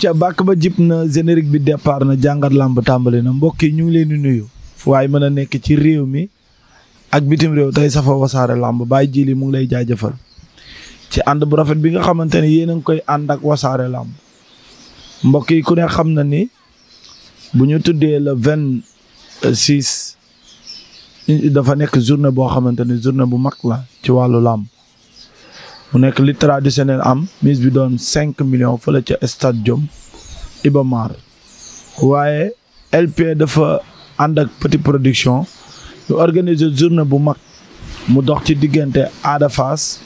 ca bàkk ba jib na générique bi départ na jàngat làmb tàmbali na mbokk yi ñu ngi leen di nuyu fu waay mën a nekk ci réew mi ak bitim réew tey safa wasaare làmb baay Djily mu ngi lay jaajëfal ci ànd bu rafet bi nga xamante ne yéen a ngi koy ànd ak wasaare làmb mbokk yi ku ne xam na ni bu ñu tuddee le vingt six dafa nekk journée boo xamante ne journée bu mag la ci wàllu làmb mu nekk li traditionnel am mise bi doon cinq millions fële ca stade Diom Iba waaye LP dafa ànd ak Petit Production ñu organiser journée bu mag mu dox ci diggante Ada Fass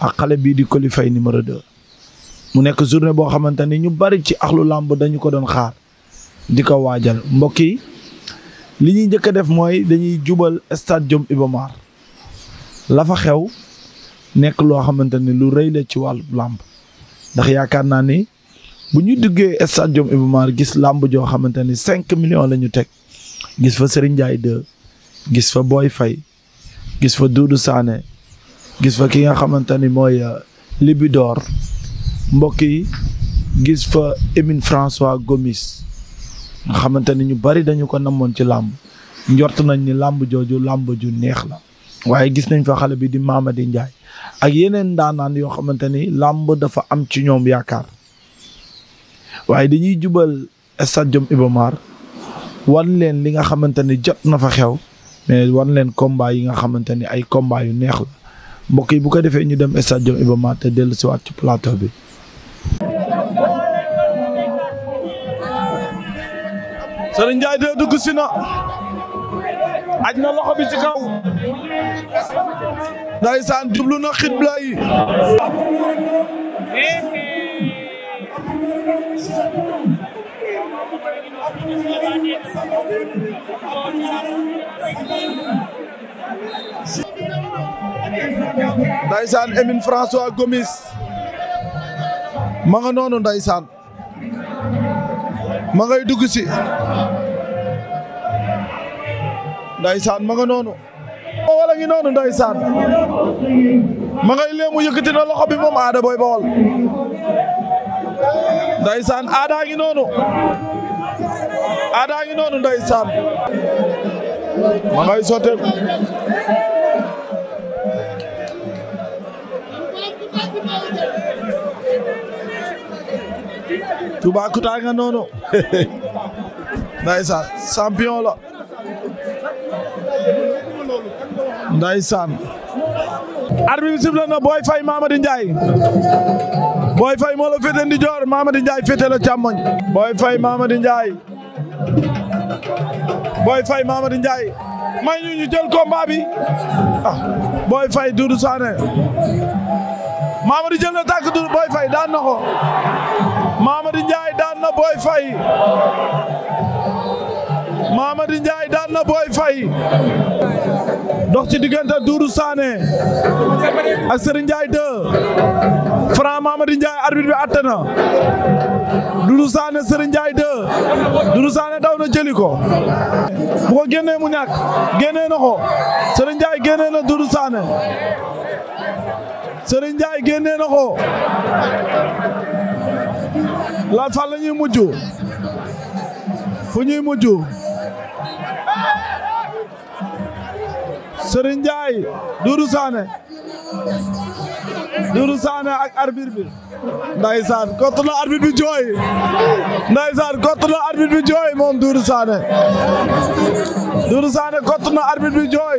ak xale bii di Coly Faye numéro 2 mu nekk journée boo xamante ni ñu bari ci axlu làmb dañu ko doon xaar di ko waajal mbokk yi li ñuy njëkk a def mooy dañuy jubal stade Diom Iba Mar xew nekk loo xamante ni lu rëy la ci wàllu làmb ndax yaakaar naa ni bu ñu diggee stade Iba gis làmb joo xamante ni cinq millions la teg gis fa Serigne Ndiaye 2 gis fa Boy Faye gis fa Doudou Sané gis fa ki nga xamante ni mooy euh, Libidor mbokk yi gis fa Émine François Gomis nga xamante ni ñu bari dañu ko namoon ci làmb njort nañ ni làmb jooju làmb ju neex la waaye gis nañ fa xale bi di Mamadi Ndiaye ak yeneen ndaanaan yoo xamante ni làmb dafa am ci ñoom yaakaar waaye dañuy jubal stade Iba Mar wan leen li nga xamante ni jot na fa xew mais wan leen combat yi nga xamante ni ay combat yu neex la mbokk yi bu ko defee ñu dem stade Iba Mar te dellu siwaat ci plateau bi Serigne Ndiaye de dugg si na aj na loxo bi ci kaw ndaysaan jublu na xibla yi ndaysaan Emine François Gomis ma nga noonu ndaysaan ma ngay dugg ndaysaan ma nga noonu oh, wala ngi noonu ndaysaan ma ngay léemu yëkkati na loxo bi moom aada booy bawol ndaysaan aadaa ngi noonu aadaa ngi noonu ndaysaan ma ngay sotteeku Toubacouta nga noonu ndaysaan champion la ndeysaan arbi bi sifle na Boy Faye Mamady Ndiaye Boy Faye moo la féete ndijoor Mamady Ndiaye féete la càmmoñ Boy Faye Mamady Ndiaye Boy Faye bi ah Boy Faye Doudou Sané Mamady jël na tàkk Mamady Ndiaye daan na Boy Faye dox ci diggante Doudou Sané ak Serigne Ndiaye 2 Franc Mamady Ndiaye arbitre bi atte na Doudou Sané Serigne Ndiaye 2 Doudou Sané daw na jëli ko bu ko génnee mu ñàkk génnee na ko Serigne Ndiaye génnee na la fan la ñuy mujj fu Serigne Ndiaye Doudou Sané Doudou Sané ak arbitre bi ndaysaan kott na arbitre bi jooy ndaysaan kott na arbitre bi jooy moom Doudou Sané Doudou Sané kott na arbitre bi jooy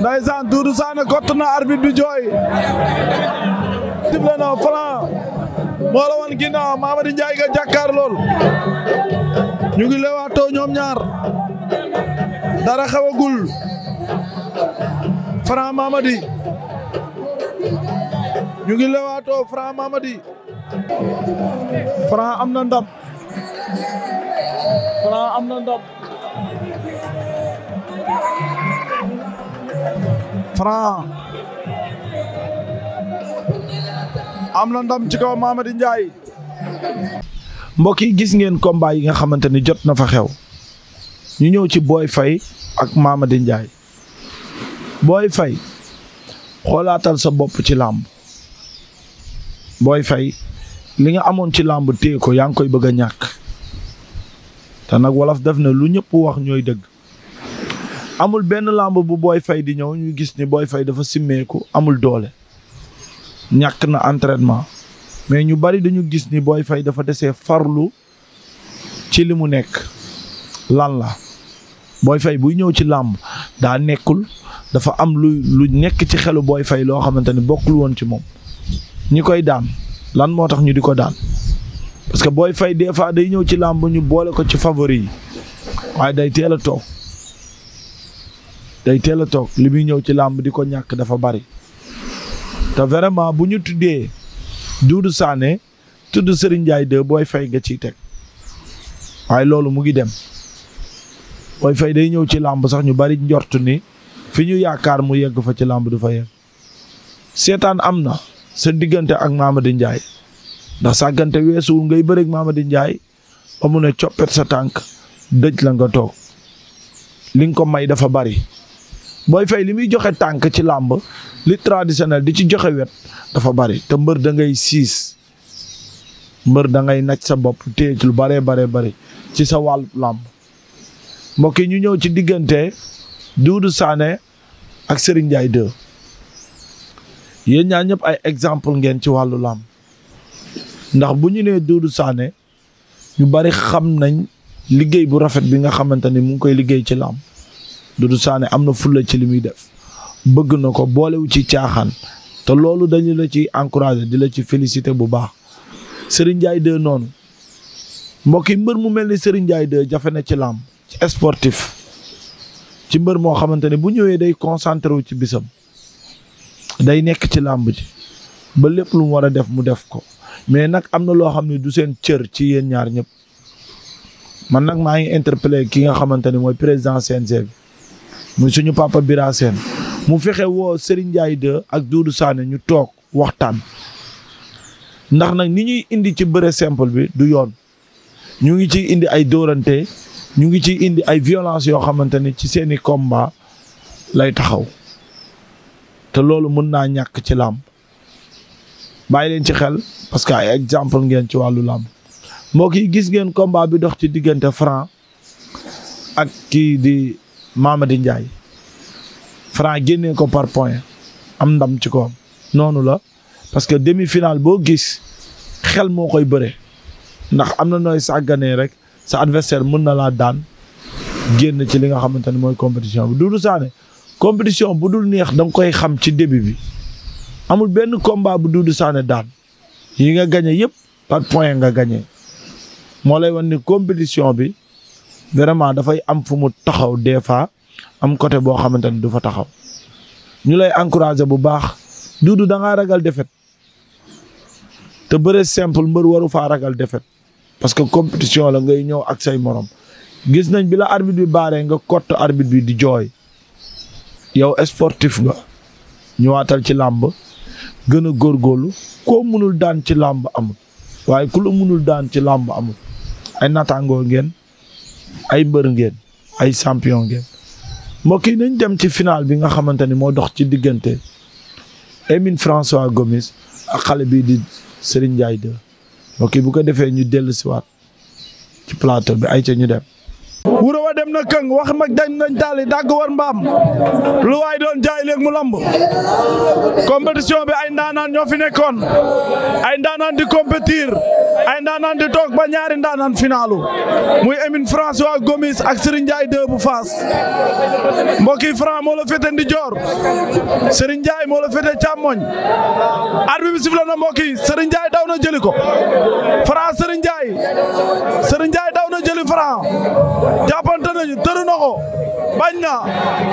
ndaysaan Doudou Sané kott na arbitre jooy sible na Franc moo la woon ginnaaw Mamadi Ndiaye ga lool ñu ngi lewaatoo ñoom ñaar dara xewagul Franc Mamady ñu ngi lewaatoo Franc Mamady Franc am na ndam Franc am na ndam Franc am na ndam ci kaw Mamady Ndiaye mbokk yi gis ngeen combat yi nga xamante ni jot na fa xew ñu ñëw ci booy fay ak Mamadi Ndiaye Boy Faye xoolaatal sa bopp ci làmb booy fay li nga amoon ci làmb téye ko yaa ngi koy bëgg a ñàkk te nag wolof def na lu ñëpp wax ñooy dëgg amul benn làmb bu Boy fay di ñëw ñu gis ni booy fay dafa simmeeku amul doole ñàkk na entraînement mais ñu bari dañu gis ni booy fay dafa desee farlu ci li mu nekk lan la booy fay buy ñëw ci làmb daa nekkul dafa am lu lu nekk ci xelu booy fay loo xamante ni bokkul woon ci moom ñi koy daan lan moo tax ñu di ko daan parce que booy fay des fois day ñëw ci làmb ñu boole ko ci favori yi waaye day teel a toog day teel toog li muy ñëw ci làmb di ko ñàkk dafa bari te vraiment bu ñu tuddee Doudou Sané tudd Serigne Ndiaye de Boy Faye nga ciy teg waaye loolu mu ngi dem. booy fay day ñëw ci làmb sax ñu bari njort ni fi ñu yaakaar mu yegg fa ci làmb du fa yegg seetaan am na sa diggante ak Mamadi Ndiaye ndax sàggante weesuwul ngay bëreeg Mamadi Ndiaye ba mu ne coppet sa tànk dëj la nga toog li nga ko may dafa bari booy fay li muy joxe tànk ci làmb li traditionnel di ci joxe wet dafa bari te mbër dangay ngay siis mbër da ngay naj sa bopp téye lu baree baree bari ci sa wàllu làmb mbokk yi ñu ñëw ci diggante Doudou Sané ak Serigne Ndiaye 2 yéen ñaar ay exemple ngeen ci wàllu làmb ndax bu ñu nee Doudou Sané ñu bari xam nañ liggéey bu rafet bi nga xamante ni mu ngi koy liggéey ci làmb Doudou Sané am na fulla ci li muy def bëgg na ko boolewu ci caaxaan te loolu dañu la ci encouragé di la ci félicité bu baax Serigne Ndiaye noonu mbokk yi mbër mu mel ni Serigne Ndiaye 2 jafe na ci làmb ci sportif ci mbër moo xamante ne bu ñëwee day concentré wu ci bisam day nekk ci làmb ba lépp lu mu war a def mu def ko mais nag am na loo xam ne du seen cër ci yéen ñaar ñëpp man nag maa ngi interpellé ki nga xamante ne mooy président CNG bi muy suñu papa Bira Sène mu fexe woo Serigne Ndiaye 2 ak Doudou Sané ñu toog waxtaan ndax nag ni ñuy indi ci bëre simple bi du yoon ñu ngi ci indi ay dóorante ñu ngi ci indi ay violence yoo xamante ne ci seeni komba lay taxaw te loolu mën naa ñàkk ci làmb bàyyi leen ci xel parce que ay exemple ngeen ci wàllu làmb moo yi gis ngeen combat bi dox ci diggante Franc ak kii di Mamadi Ndiaye Franc génnee ko par point am ndam ci koom noonu la parce que demi-finale boo gis xel moo koy bëre ndax am na nooy sàgganee rek sa adversaire mën na laa daan génn ci li nga xamante ne mooy compétition bi Doudou saane compétition bu dul neex da nga koy xam ci début bi amul benn combat bu Doudou Sané daan yi nga gagné yëpp par point nga gañe moo lay wan ni compétition bi vraiment dafay am fu mu taxaw des fois am côté boo xamante ne du fa taxaw ñu lay encouragé bu baax Doudou da ngaa ragal défaite te bëre simple mbër waru faa ragal défaite parce que compétition la ngay ñëw ak say morom gis nañ bi la arbitre bi baaree nga kott arbitre bi di jooy yow sportif nga ñëwaatal ci làmb gën a góorlu koo mënul daan ci làmb amul waaye ku la mënul daan ci làmb amul ay nattaangoo ngeen ay mbër ngeen ay champion ngeen mbokk yi nañ dem ci final bi nga xamante ni moo dox ci diggante Émine François Gomis ak xale bii di Serigne Ndiaye 2 mbokk yi bu ko defee ñu dellu siwaat ci plateau bi ay ca ñu dem wuro wa dem na këng wax mag dañ nañ taali dàgg war mbaam lu waay doon jaay léegi mu lamb compétition bi ay ndaanaan ñoo fi nekkoon ay ndaanaan di compétir ay ndaanaan di toog ba ñaari ndaanaan finalu muy Emine François Gomis ak Serigne Ndiaye 2 bu Faas mbokki Franc moo la féete ndijoor Serigne Ndiaye moo la féete càmmoñ arbitre bi sifflé na mbokki Serigne Ndiaye daw na jëli ko Franc Serigne Ndiaye Serigne Ndiaye daw na jëli Franc jàppante nañu tëru na ko bañ na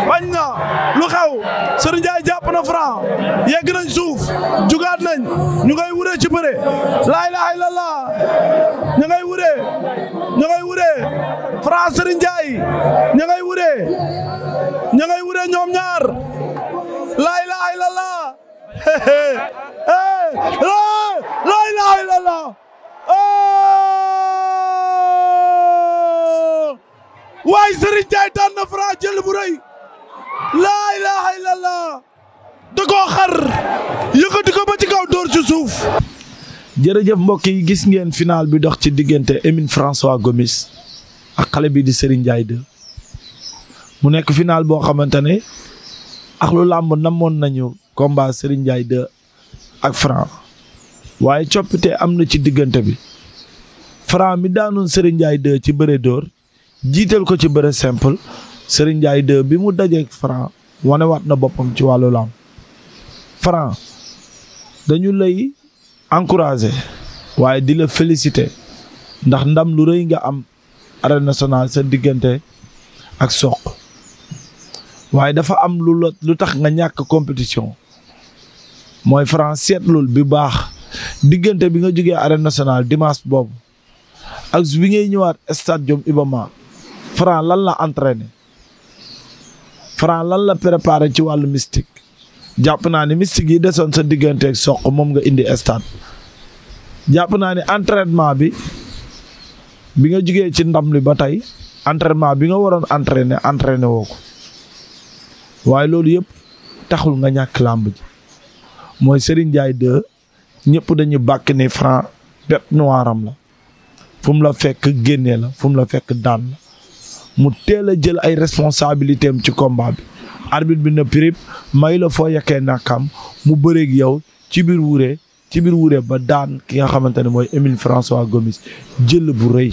bañ na lu xew Serigne Ndiaye jàpp na Franc yegg nañ suuf jugaat nañ ñu ngay wuree ci bëre laa ilaaha illallaah ñu ngay wuree ñu ngay wuree Franc Serigne Ndiaye ñu ngay wuree ñu ngay wuree ñoom waaye Serigne Ndiaye daan jël bu rëy laa ilaha illallah da koo xar yëkkati ko ba ci kaw dóor ci suuf jërëjëf mbokk yi gis ngeen final bi dox ci diggante Emine François Gomis ak xale bi di Serigne Ndiaye mu nekk final boo xamante ne ak lu làmb namoon nañu combat Serigne Ndiaye ak Franc waaye coppite am na ci diggante bi Franc mi daanoon Serigne Ndiaye ci bëre dóor jiital ko ci bëre simple Serigne Ndiaye bi mu dajee Franc wanewaat na boppam ci wàllu lamb Franc dañu lay encourager waaye di la féliciter ndax ndam lu rëy nga am arène nationale sa diggante ak Sokh waaye dafa am lu lu tax nga ñàkk compétition mooy Franc seetlul bi baax diggante bi nga jógee arène nationale dimanche boobu ak bi ngay ñëwaat stade Iba Franc lan la entraîné Franc lan la préparé ci wàllu mistik jàpp naa ne mystique yi desoon sa digganteeg soq moom nga indi stade jàpp naa ne entraînement bi bi nga jógee ci ndam li ba tey entraînement bi nga waroon entraîné entraîné woo ko waaye loolu yëpp taxul nga ñàkk làmb ji mooy Serigne Ndiaye 2 ñëpp dañu bàkk ni Franc bête noire am la fu la fekk génnee la fu la fekk daan mu teel a jël ay responsabilité am ci komba bi arbitre bi na prip may la foo yekkee nakam mu bëreeg yow ci biir wuree ci biir wuree ba daan ki nga xamante ne mooy Émile François Gomis jël bu rëy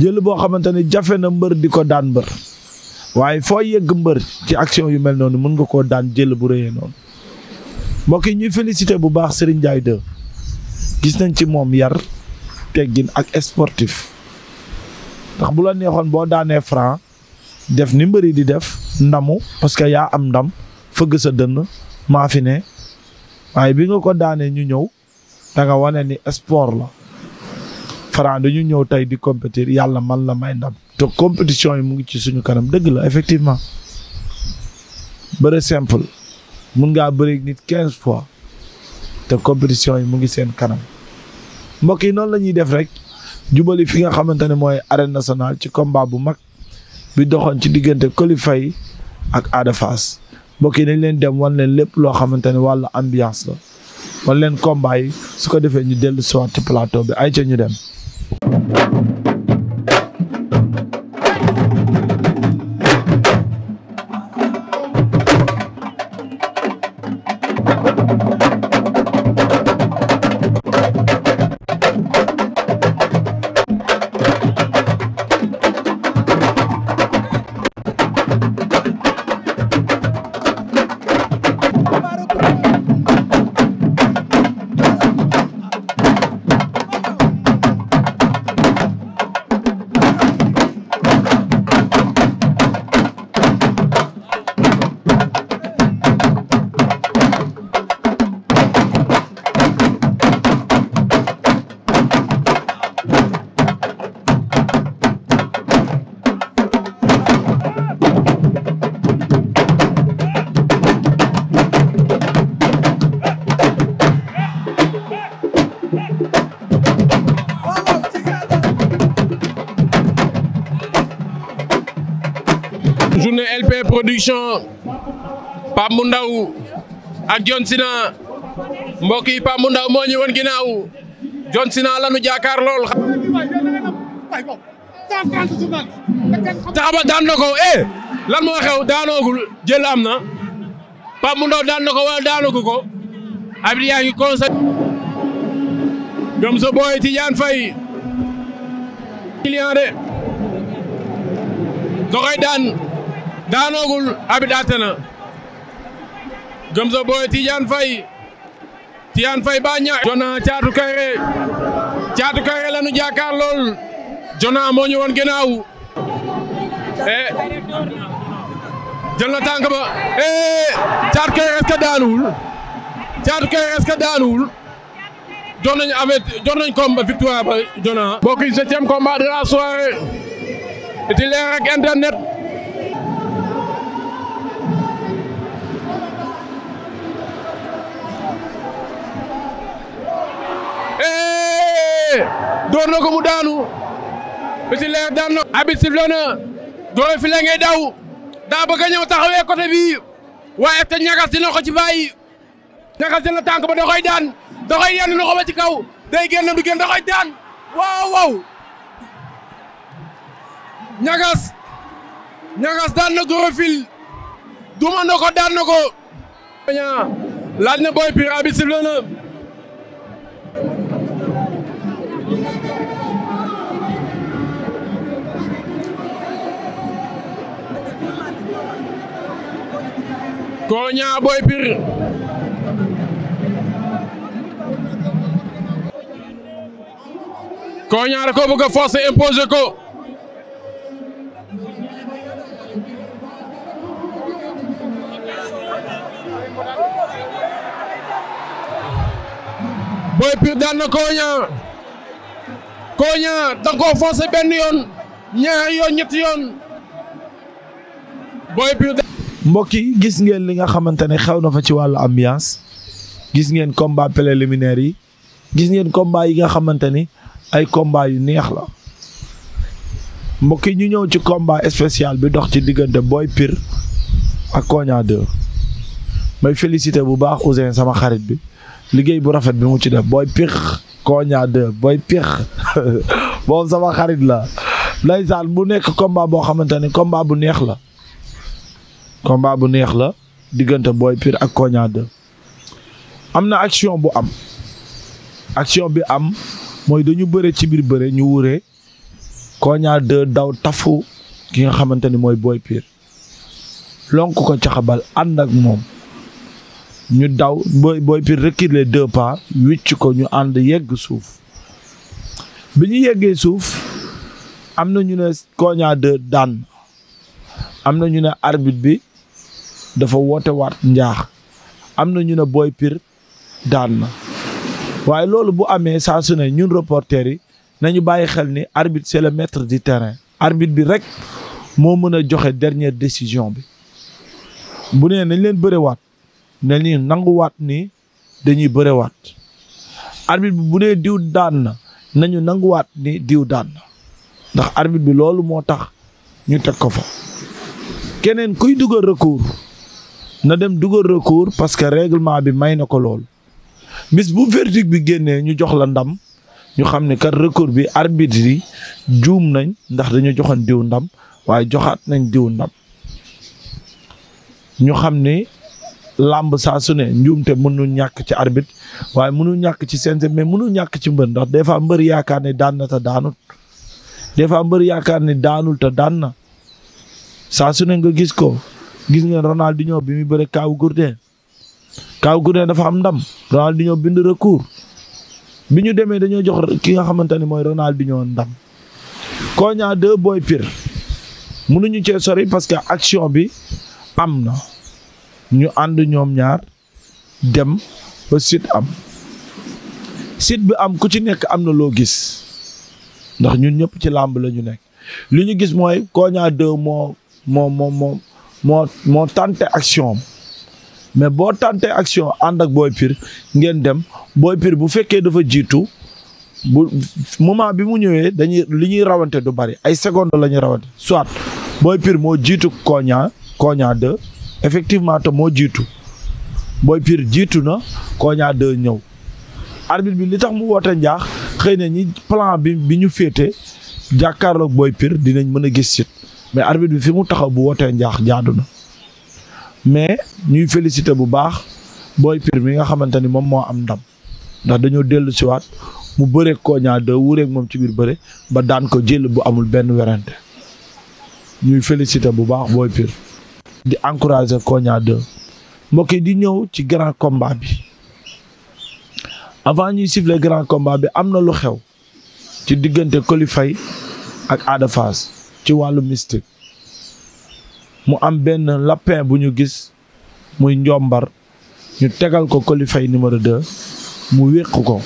jël boo xamante ne jafe na mbër di ko daan mbër waaye foo yegg mbër ci action yu mel noonu mën nga koo daan jël bu rëyee noonu mbokk yi ñuy félicité bu baax Serigne Ndiaye 2 gis nañ ci moom yar teggin ak sportif ndax bu la neexoon boo daanee franc def ni mbëri di def ndamu parce que yaa am ndam fëgg sa dënn maa fi ne waaye bi nga ko daanee ñu ñëw danga nga wane ni sport la franc dañu ñëw tey di compétir yàlla man la may ndam te compétition yi mu ngi ci suñu kanam dëgg la effectivement bëre simple mun ngaa bëri nit quinze fois te compétition yi mu ngi seen kanam mbokk yi noonu la ñuy def rek jubali fi nga xamante ne mooy arène nationale ci kombaa bu mag bi doxoon ci diggante Coly Faye ak Ada Fass mbokk yi dañ leen dem wan leen lépp loo xamante ne wàllu ambiance la wan leen combat yi su ko defee ñu dellu siwaat ci plateau bi ay ca ñu dem Pape Ndaw ak John Sina mbokk yi Pape Ndaw moo ñu woon ginnaaw John Sina jaakaar lool. taxaba daan na ko eh, lan moo xew daanoogul jël am na Pape Ndaw daan na ko wala daanoogu ko abid yaa ngi conseil Gamza Boy Tidiane Faye client de da daan daanoogul abid àtte na jom sa booy Tidiane Jona Thiatou Kairé Thiatou Kairé la nu jaakaar lool Jona moo ñu woon ginnaaw eh jël ba eh Thiatou Kairé est-ce que daanuwul Thiatou Kairé est-ce que daanuwul jox nañu avec jox ba Jona. mbokk yi septième combat de la soirée titulaire internet. door na ko mu daanu Petit Leer daan na abit sifle na Doro File ngay daw daa bëgg a ñëw taxawee côté bii waaye te ñagas dina ko ci bàyyi ñagas dina tànk ba da koy daan da koy yenn na ko ba ci kaw day génn du génn da koy daan waaw waaw ñagas ñagas daan na Doro duma na ko daan na ko laaj na booy piir abit sifle na Koña Boy Pire Koña ko bëgg a forcer ko Boy Pire daan na Koña Koña da ko forcer benn yoon ñaari yoon ñetti yoon mbokk yi gis ngeen li nga xamante ne xew na fa ci wàllu ambiance gis ngeen combat préliminaire yi gis ngeen combat yi nga xamante ni ay combat yu neex la mbokk yi ñu ñëw ci combat spécial bi dox ci diggante booy piir ak Kogna 2 may félicité bu baax Ousseyn sama xarit bi liggéey bu rafet bi mu ci def booy Pire Kogna 2 Boy Pire moom sama xarit la ndeysaan bu nekk combat boo xamante ni combat bu neex la combat bu neex la diggante Boy Pire ak Kogna 2 am na action bu am action bi am mooy dañu bëre ci biir bëre ñu wuree Kogna 2 daw tafu ki nga xamante ni mooy Boy Pire lonk ko caxabal ànd ak moom ñu daw Boy Boy Pire reculer deux pas wicc ko ñu ànd yegg suuf bi ñu yeggee suuf am na ñu ne Kogna 2 daan am na ñu ne arbitre bi dafa woote waat njaax am na ñu ne booy piir daan na waaye loolu bu amee saa su ne ñun reporter yi nañu bàyyi xel ni arbitre c'est le maître du terrain bi rek moo mën a joxe dernière décision bi bu nee nañ leen bërewaat ne nii nanguwaat ni dañuy bërewaat arbitre bi bu nee diw daan na nañu nanguwaat ni diw daan na ndax arbitre bi loolu moo tax ñu teg ko fa keneen kuy dugal recours na dem dugal recours parce que règlement bi may na ko lool bis bu verdict bi génnee ñu jox la ndam ñu xam ne kat recours bi arbitre yi juum nañ ndax dañu joxa diw ndam waaye joxat nañ diw ndam ñu xam ne làmb saa su ne njuumte mënu ñàkk ci arbitre waaye mënu ñàkk ci CNG mais mënu ñàkk ci mbër ndax des fois mbër yaakaar ne daan na te daanut des fois mbër yaakaar ne daanul daan na saa su ne nga gis ko gis ngeen Ronaldinho bi muy bëre Kaaw Gourdin Kaaw Gourdin dafa am ndam Ronaldinho bind recours bi ñu demee dañoo jox ki nga xamante ni mooy Ronaldinho ndam. Koña deux Boy Pire mënuñu cee sori parce que action bi am na ñu ànd ñoom ñaar dem ba site am site bi am ku ci nekk am na loo gis ndax ñu ñëpp ci làmb la ñu nekk li ñu gis mooy Koña deux moo moo moo moo moo tenté action mais boo tenté action ànd ak Boy Pire ngeen dem Boy Pire bu fekkee dafa jiitu bu moment bi mu ñëwee dañuy li ñuy rawante du bari ay seconde la ñuy rawante soit Boy Pire moo jiitu Kogna Kogna 2 effectivement te moo jiitu Boy Pire jiitu na Kogna 2 ñëw arbitre bi li tax mu woote njaax xëy na ñi plan bi bi ñu féete jàkkaarloog booy Pire dinañ mën a gis sit mais arbitre bi fi mu taxaw bu wootee njaax jaadu mais ñuy félicité bu baax booy pir mi nga xamante ni moom moo am ndam ndax dañoo dellu siwaat mu bëree koñaa de wuureeg moom ci biir bëre ba daan ko jël bu amul benn werante ñuy félicité bu baax booy piir di encourager koñaa de mbokk yi di ñëw ci grand komba bi avant ñuy siffler grand komba bi am na lu xew ci diggante kolifay ak Ada Fass ci wàllu mystique mu am benn lapin bu ñu gis muy njombar ñu tegal ko kolifay Faye numéro 2 mu wéq ko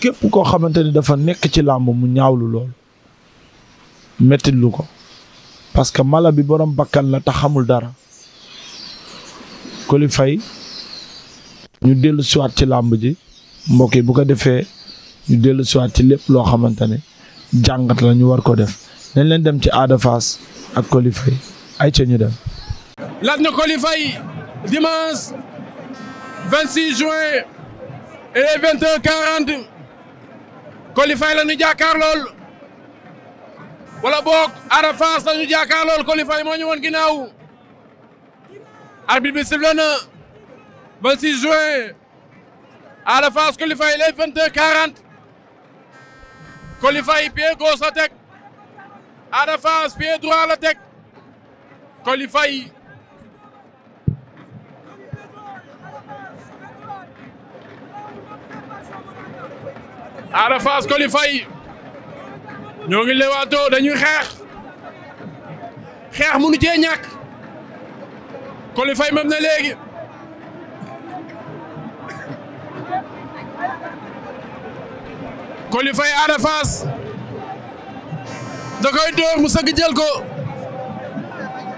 képp koo xamante ni dafa nekk ci làmb mu ñaawlu lool mettitlu ko parce que mala bi borom bakkan la te xamul dara kolifay ñu dellu siwaat ci làmb ji mbokki bu ko defee ñu dellu siwaat ci lépp loo xamante ne jàngat la ñu war ko def nañ leen dem ci Ada Fass ak Coly ay ca ñu dem. na Coly Faye dimanche 26 juin et la ñu jàkkaar lool wala boog Ada Fass la ñu jàkkaar lool Coly Faye moo ñu woon ginnaaw arbitre bi sifflé na 26 juin Ada Fass Coly Faye les 22 40 Coly Faye Ada Fass pied droit la teg Coly Faye Ada Fass Coly Faye ñoo ngi lewaatoo dañuy xeex xeex mënu cee ñàkk kolifay Faye même na léegi kolifay Faye da koy dóor mu sëgg jël ko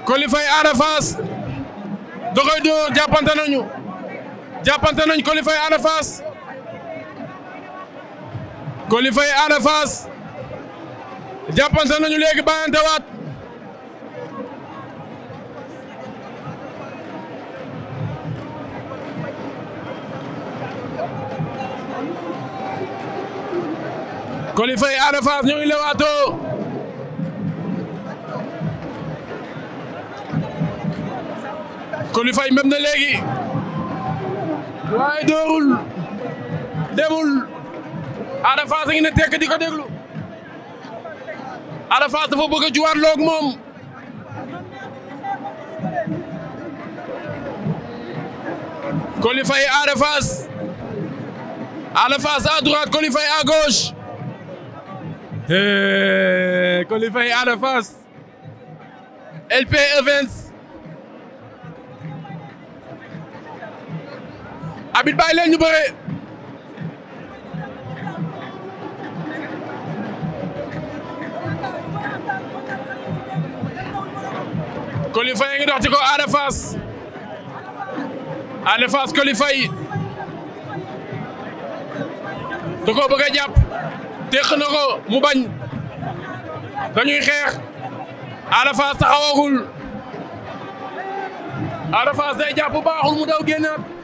Coly Faye Ada Fass da koy dóor jàppante nañu jàppante nañu Coly Faye Ada Fass Coly Faye Ada Fass jàppante nañu waat Coly Faye mbëb na léegi waaye doorul demul Ada Fass a ngi ne tekk di ko déglu Ada Fass dafa bëgg a juwaat loog moom Coly Faye Ada Fass Ada Fass à droite Coly Faye à gauche eh, Coly Faye Ada Fass LP Events abit bàyyi leen ñu bëre Coly a ngi dox ci ko Ada Fass Ada Fass Coly Faye da koo bëgg mu bañ dañuy xeex Ada Fass taxawagul Ada Fass day jàpp baaxul mu daw génnaat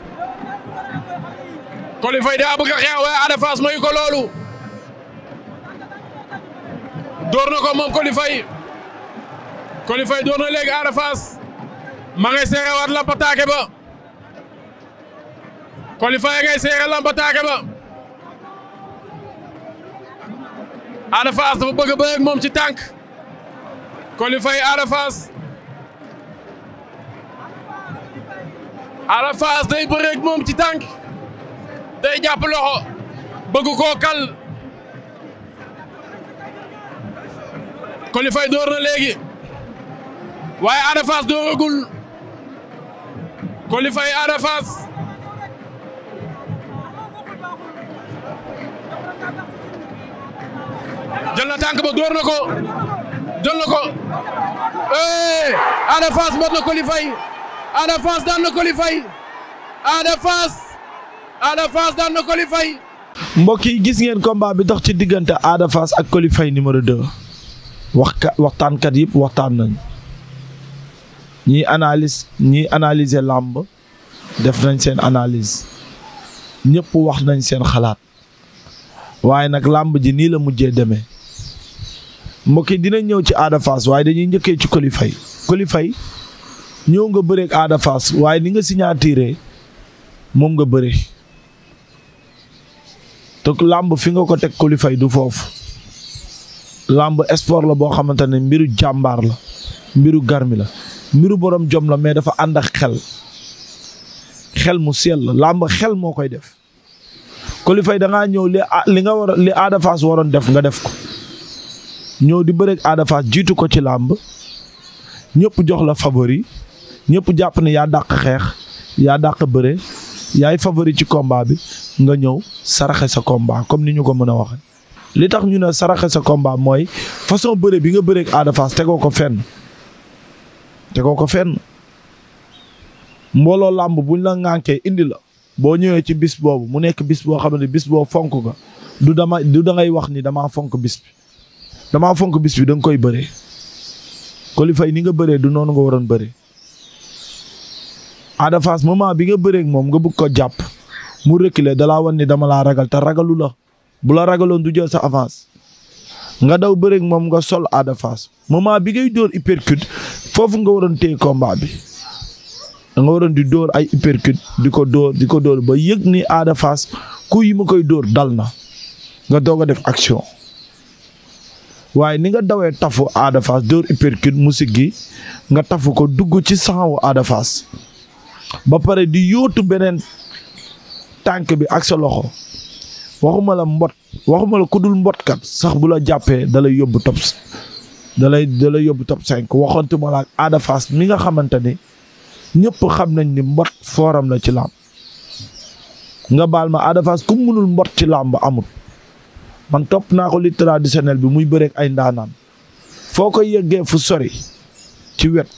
Coly Faye daa bëgg a xeex waaye Ada Fass loolu door ko moom Coly Faye Coly Faye door ma ngay seere waat lampataake ba Coly Faye ngay seere lampataake ba Ada Fass dafa bëgg moom ci tànk Coly Faye Ada Fass Ada Fass moom ci tànk day jàpp loxo bëgg koo kal Coly Faye door na léegi waaye Ada Fass dooragul Coly Faye Ada Fass na ba door ko jël na ko Ada Fass mot na Coly daan na Coly Faye Ada mbokk yi gis ngeen komba bi dox ci diggante Ada Fass ak kolifay Faye numéro 2 waxka waxtaankat yëpp waxtaan nañ ñiy analyse ñiy analyser làmb def nañ seen analyse ñëpp wax nañ seen xalaat waaye nag làmb ji nii la mujjee deme mbokk yi dina ñëw ci Ada Fass waaye dañuy njëkkee ci Coly kolifay ñëw nga bëreek Ada Fass waaye ni nga signature moom nga bëre te làmb fi nga ko teg kolifay du foofu làmb sport la boo xamante ne mbiru jàmbaar la mbiru garmi la mbiru borom jom la mais dafa ànd ak xel xel mu sell la làmb xel moo koy def kolifay da ngaa ñëw li li nga war li waroon def nga def ko ñëw di bëreeg Ada jiitu ko ci làmb ñëpp jox la favori ñëpp jàpp na yaa dàq xeex yaa dàq bëre yaay favori ci combat bi nga ñëw saraxe sa combat comme ni ñu ko mën a waxee. li tax ñu ne saraxe sa combat mooy façon bëre bi nga bëreeg Ada Fass tegoo ko fenn tegoo ko fenn mbooloo làmb buñ la ŋànkee indi la boo ñëwee ci bis boobu mu nekk bis boo xam ne bis boo fonk ka du dama du dangay wax ni damaa fonk bis bi damaa fonk bis bi da koy bëree. Coly Faye ni nga bëree du noonu nga waroon bëree. Ada Fass moment bi nga bëreeg moom nga bëgg ko jàpp mu reculer dalaa wan ni dama laa ragal te ragalu la bu la ragaloon du jël sa avance nga daw bëreeg moom nga sol Ada Fass moment bi ngay dóor uppercut foofu nga waroon téye combat bi da nga waroon di dóor ay uppercut di ko dóor di ko dóor ba yëg ni Ada Fass ku yi ma koy dóor dal na nga doog a def action waaye ni nga dawee tafu Ada dóor uppercut mu siggi nga tafu ko dugg ci sangu Ada Fass ba pare di yóotu beneen tànk bi ak sa loxo waxuma la mbot waxuma la ku dul mbotkat sax bu la jàppee da lay yóbbu top da lay yóbbu top cinq waxantuma la ak Ada mi nga xamante ni ñëpp xam nañ ni mbot fooram la ci làmb nga baal ma Ada Fass ku munul mbot ci làmb amut man topp naa ko li traditionnel bi muy bëreek ay ndaanaan foo ko yëgee fu sori ci wet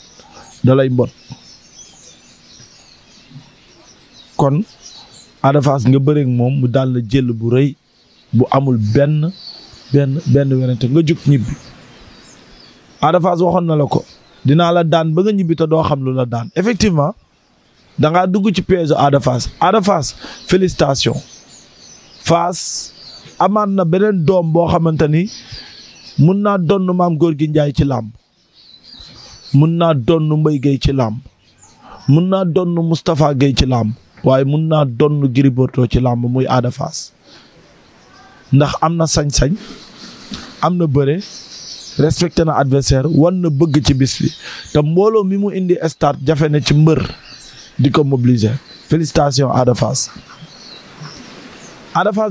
dalay mbot kon Ada Fass nga bëreeg moom mu daal la jël bu rëy bu amul benn benn benn werante nga jug ñibbi Ada Fass waxoon na la ko dinaa la daan ba nga ñibbi te doo xam lu la daan effectivement da dugg ci piège Ada Fass Ada Fass félicitation Fass amaat na beneen doom boo xamante ni mun naa donn maam góor gi njaay ci làmb mun naa donn Mbaye Guèye ci làmb mun naa donn Moustapha Guèye ci làmb waaye mun naa donn Gris Bordeaux ci làmb muy Ada ndax am na sañ-sañ am na bëre respecté na adversaire war na bëgg ci bis bi te mbooloo mi mu indi stade jafe na ci mbër di ko mobiliser félicitations Ada Fass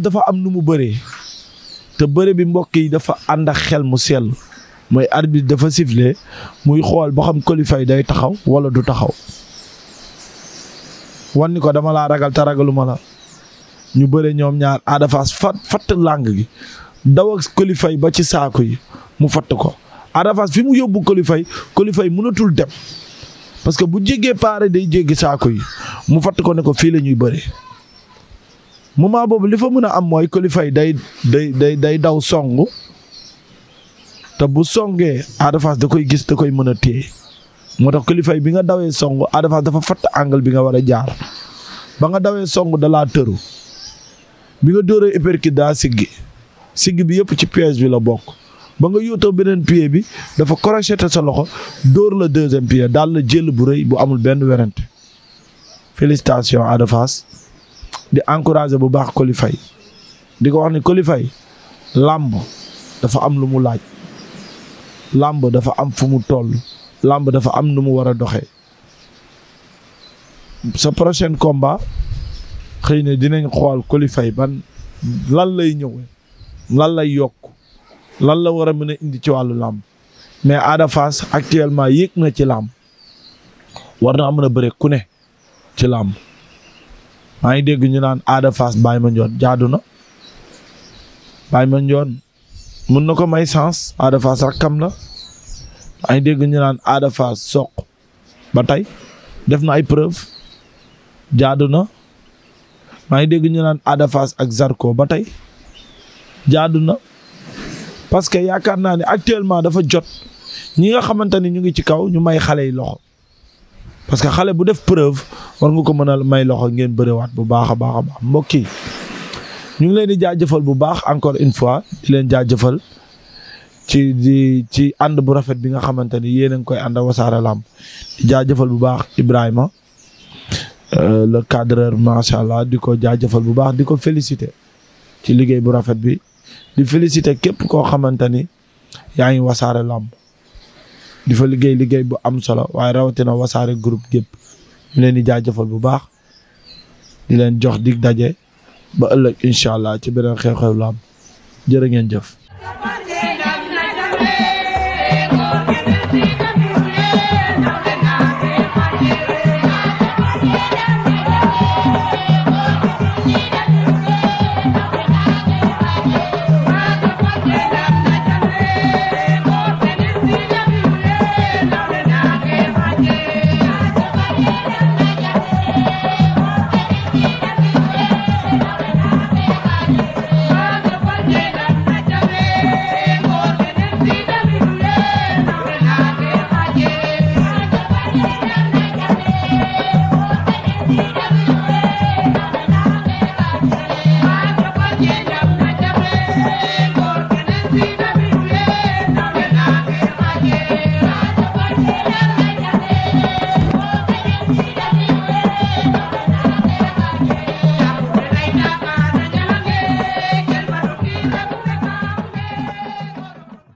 dafa am nu mu bëree te bëre bi mbokk yi dafa ànd ak xel mu sell mooy arbitre dafa siffler muy xool ba xam qualifié day taxaw wala du taxaw wan ni ko dama laa ragal te ragaluma la ñu bëre ñoom ñaar Ada Fass fat fatt làng gi daw ak kolifay ba ci saako yi mu fatt ko Ada Fass fi mu yóbbu kolifay kolifay mënatul dem parce que bu jéggee paare day jéggi saako yi mu fatt ko ne ko fii la ñuy bëre moment boobu li fa mën a am mooy kolifay day day day day daw song te bu songee Ada Fass da koy gis da koy mën a téye moo tax kolifay bi nga dawee song Ada dafa fatt angle bi nga war a jaar ba nga dawee song da laa tëru bi nga dóoree uppercut daa siggi siggi bi yëpp ci piège bi la bokk ba nga yóotoo beneen pied bi dafa crocheté sa loxo dóor la deuxième pied daal la jël bu rëy bu amul benn werante félicitation Ada Fass di encourager bu baax kolifay di ko wax ni kolifay làmb dafa am lu mu laaj làmb dafa am fu mu toll làmb dafa am nu mu war a doxee sa prochain combat xëy na dinañ xool qualify ban lan lay ñëwee lan lay yokk lan la war a mën a indi ci wàllu làmb mais Ada Fass actuellement yéeg na ci làmb war naa mën a bëre ku ne ci làmb maa ngi dégg ñu naan Ada Fass Baye Mandione jaadu na Baye Mandione mën na ko may sens Ada Fass rakkam la maa ngi dégg ñu naan Ada Fass soq ba tey def na ay preuve jaadu na maa ngi dégg ñu naan Ada Fass ak Zarko ba tey jaadu na parce que yaakaar naa ne actuellement dafa jot ñi nga xamante ni ñu ngi ci kaw ñu may xale yi loxo parce que xale bu def preuve war nga ko mën a may loxo ngeen bëriwaat bu baax a baax a baax yi ñu ngi leen di jaajëfal bu baax encore une fois di leen jaajëfal ci ci ànd bu rafet bi nga xamante ni yéen a ngi koy ànd Wassare Lamb di jaajëfal bu baax Ibrahima. Euh, le cadreur macha allah di ko jaajëfal bu baax di ko félicité ci liggéey bu rafet bi di féliciter képp koo xamante ni yaa ngi wasaare làmb di fa liggéey liggéey bu am solo waaye rawatina wasaare groupe képp ñu leen di jaajëfal bu baax di leen jox dig daje ba ëllëg incha allah ci beneen xew-xew làmb jërë ngeen jëf.